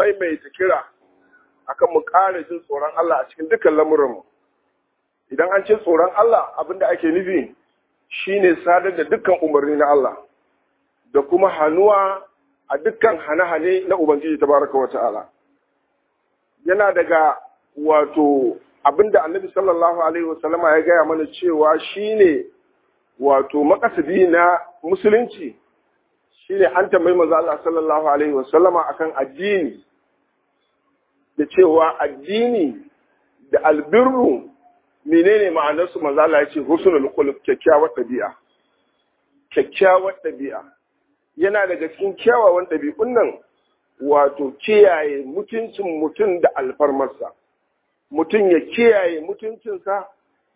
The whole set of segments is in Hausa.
maimaita kira akan mu ƙara jin tsoron Allah a cikin dukkan lamuranmu idan an ce tsoron Allah abinda ake nufi shine sadar da dukkan umarni na Allah da kuma hannuwa a dukkan hane-hane na Ubangiji tabaraka wa ta'ala yana daga wato abinda Annabi sallallahu alaihi wasallama ya gaya mana cewa shine wato makasadi na musulunci shine an tambayi maza Allah sallallahu alaihi wasallama akan addini da cewa addini da albirru menene ma'anarsu manzo Allah ya ce husnul khuluq kyakkyawar ɗabi'a kyakkyawar ɗabi'a yana daga cikin kyawawan ɗabi'un nan wato kiyaye mutuncin mutum da alfarmarsa mutum ya kiyaye mutuncinsa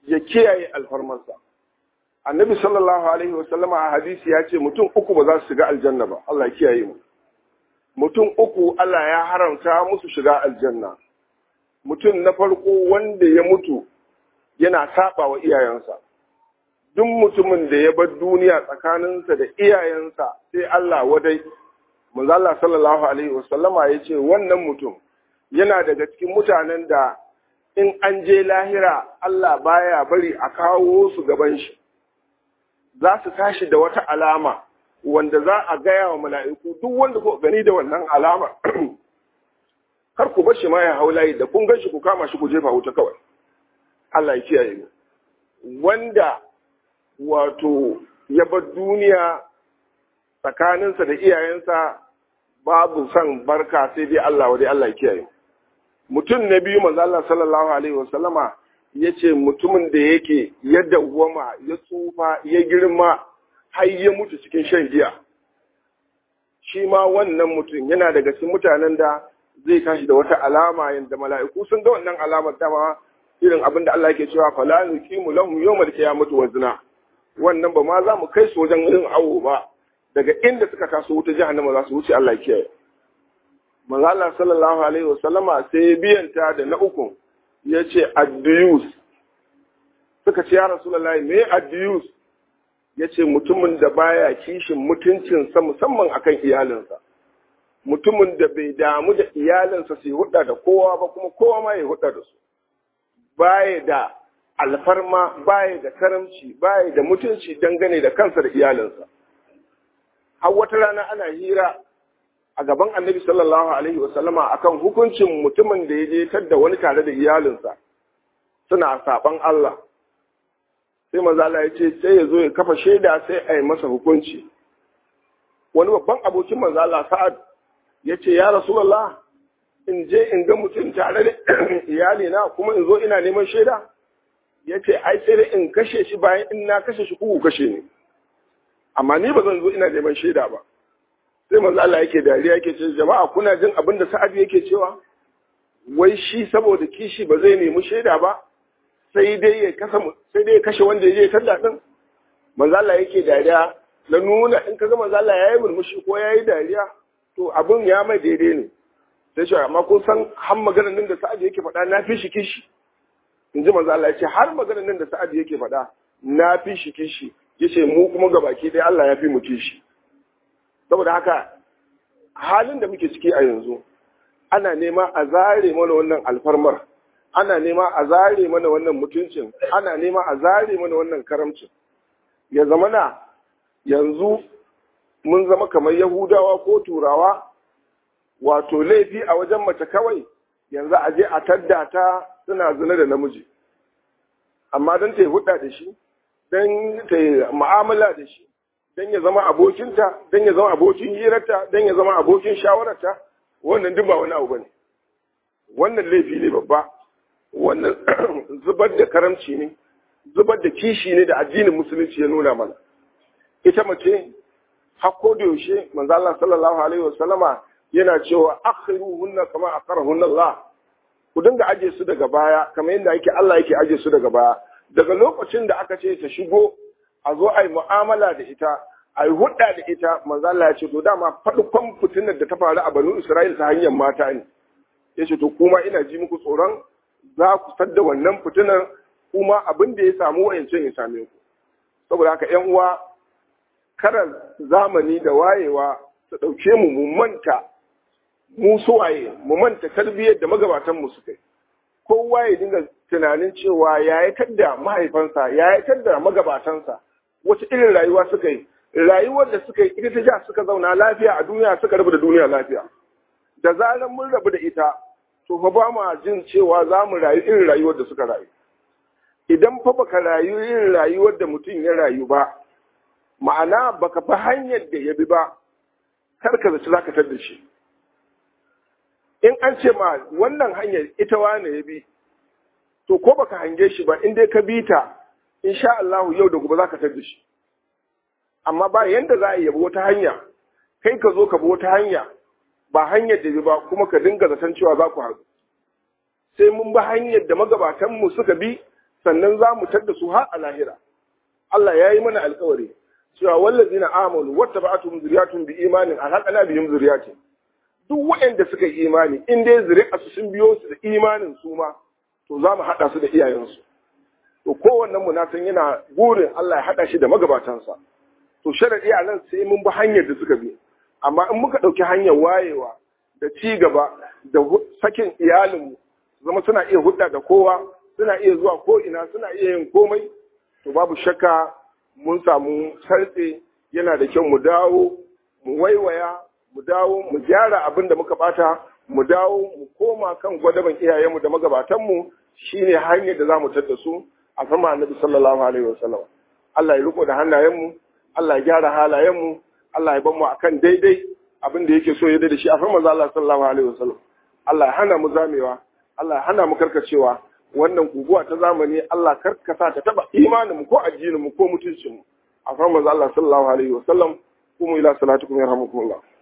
ya kiyaye alfarmarsa annabi sallallahu alaihi wasallama a hadisi ya ce mutum uku ba za su shiga aljanna ba Allah ya kiyaye mu mutum uku Allah ya haramta musu shiga aljanna mutum na farko wanda ya mutu yana saba wa iyayensa duk mutumin da ya bar duniya tsakaninsa da iyayensa sai Allah wadai manzo Allah sallallahu alaihi wasallama yace wannan mutum yana daga cikin mutanen da in an je lahira Allah baya bari a kawo su gaban shi za su tashi da wata alama wanda za a gaya wa mala'iku duk wanda ku gani da wannan alama kar ku bar shi ma ya hau layi da kun gan shi ku kama shi ku jefa wuta kawai Allah ya kiyaye mu wanda wato ya bar duniya tsakaninsa da iyayensa babu san barka sai dai Allah wa Allah ya kiyaye mutum na biyu manzo Allah sallallahu alaihi wasallama yace mutumin da yake ya dawwama ya tsufa ya girma har ya mutu cikin shan giya shi ma wannan mutum yana daga cikin mutanen da zai tashi da wata alama yadda mala'iku sun ga wannan alamar dama irin abin da Allah yake cewa fala nuqimu ya ya wa wazna wannan ba ma za mu kai su wajen yin awo ba daga inda suka taso wuta jahannama za su wuce Allah kiyaye manzo Allah sallallahu alaihi wasallama sai biyanta da na uku yace addiyus suka ce ya rasulullahi me addiyus ya ce mutumin da baya kishin mutuncinsa musamman akan iyalinsa mutumin da bai damu da iyalinsa su hudda da kowa ba kuma kowa ma ya hudda da su baya da alfarma baya da karamci baya da mutunci dangane da kansa da iyalinsa har wata rana ana hira a gaban annabi sallallahu alaihi wasallama akan hukuncin mutumin da ya je da wani tare da iyalinsa suna saban Allah sai mazala ya ce sai ya zo ya kafa shaida sai a yi masa hukunci wani babban abokin mazala sa'ad ya ce ya rasulallah in je in ga mutum tare da iyali na kuma in zo ina neman shaida ya ce ai sai dai in kashe shi bayan in na kashe shi kuku kashe ni amma ni ba zan zo ina neman shaida ba sai maza yake dariya yake ce jama'a kuna jin abin da Sa'ad yake cewa wai shi saboda kishi ba zai nemi shaida ba sai dai ya kasa sai dai ya kashe wanda ya je da din manzo Allah yake dariya na nuna in kaga manzo Allah yayi murmushi ko yayi dariya to abun ya mai daidai ne sai shi amma kun san har maganar nan da Sa'ad yake faɗa na fi shi kishi in ji manzo Allah ya ce har maganar nan da Sa'ad yake faɗa na fi shi kishi yace mu kuma ga baki dai Allah ya fi mu kishi saboda haka halin da muke ciki a yanzu ana nema a zare mana wannan alfarmar ana nema a zare mana wannan mutuncin ana nema a zare mana wannan karamcin ya zama na yanzu mun zama kamar yahudawa ko turawa wato laifi a wajen mace kawai yanzu a je a tadda ta suna zina da namiji amma don ta yi hudda da shi don ta yi mu'amala da shi don ya zama abokinta don ya zama abokin hirarta don ya zama abokin shawararta wannan duk ba wani abu ba ne. wannan laifi ne babba wannan zubar da karamci ne zubar da kishi ne da addinin musulunci ya nuna mana ita mace hako da yaushe Manzala sallallahu alaihi wasallama yana cewa hunna kama hunna Allah ku dinga aje su daga baya kamar yadda ake Allah yake aje su daga baya daga lokacin da aka ce ta shigo a zo ai mu'amala da ita ai hudda da ita Manzala ya ce to dama fadukan fitinar da ta faru a Banu Isra'il ta hanyar mata ne ya ce to kuma ina ji muku tsoron za ku sadda wannan fitinan kuma abin da ya samu wayancin ya same ku saboda haka yan uwa karar zamani da wayewa su ɗauke mu mu manta mu suwaye mu manta tarbiyyar da magabatan mu suka yi kowa ya dinga tunanin cewa ya yi da mahaifansa ya yi da magabatansa wata irin rayuwa suka yi rayuwar da suka yi ita ta ja suka zauna lafiya a duniya suka rabu da duniya lafiya da zarar mun rabu da ita to fa ba ma jin cewa za mu rayu irin rayuwar da suka rayu idan fa baka rayu irin rayuwar da mutum ya rayu ba ma'ana baka fi hanyar da ya bi ba kar ka zaci zaka tar da shi in an ce ma wannan hanyar ita wane ya bi to ko baka hange shi ba in dai ka bi ta insha Allah yau da gobe zaka tar da shi amma ba yanda za a yabi wata hanya kai ka zo ka bi wata hanya ba hanyar da ba kuma ka dinga zaton cewa za ku haɗu sai mun bi hanyar da magabatanmu suka bi sannan za mu tadda su har a lahira Allah ya yi mana alkawari cewa wallan na amalu wata ba'atum zuriyatun bi imanin bi yin zuriyatin duk waɗanda suka yi imani in dai zuriya su sun biyo su da imanin su ma to za mu haɗa su da iyayensu to kowannen mu na san yana burin Allah ya haɗa shi da magabatansa to sharadi a nan sai mun bi hanyar da suka bi amma in muka ɗauki hanyar wayewa da ci gaba da sakin iyalinmu zama suna iya hudda da kowa suna iya zuwa ko ina suna iya yin komai to babu shakka mun samu sartse yana da kyau mu dawo mu waiwaya mu dawo mu gyara abin da muka bata mu dawo mu koma kan gwadaban iyayenmu da magabatanmu shine hanyar da za mu tadda su a sama annabi sallallahu alaihi wasallam Allah ya riko da hannayenmu Allah ya gyara halayenmu Allah ya ban mu akan daidai abin da yake so ya da shi a manzo Allah sallallahu alaihi wasallam Allah ya hana mu zamewa Allah ya hana mu karkacewa wannan guguwa ta zamani Allah karkasa ta taba imanin mu ko addinin mu ko mutuncin mu a manzo Allah sallallahu alaihi wasallam kuma ila salatukum yarhamukumullah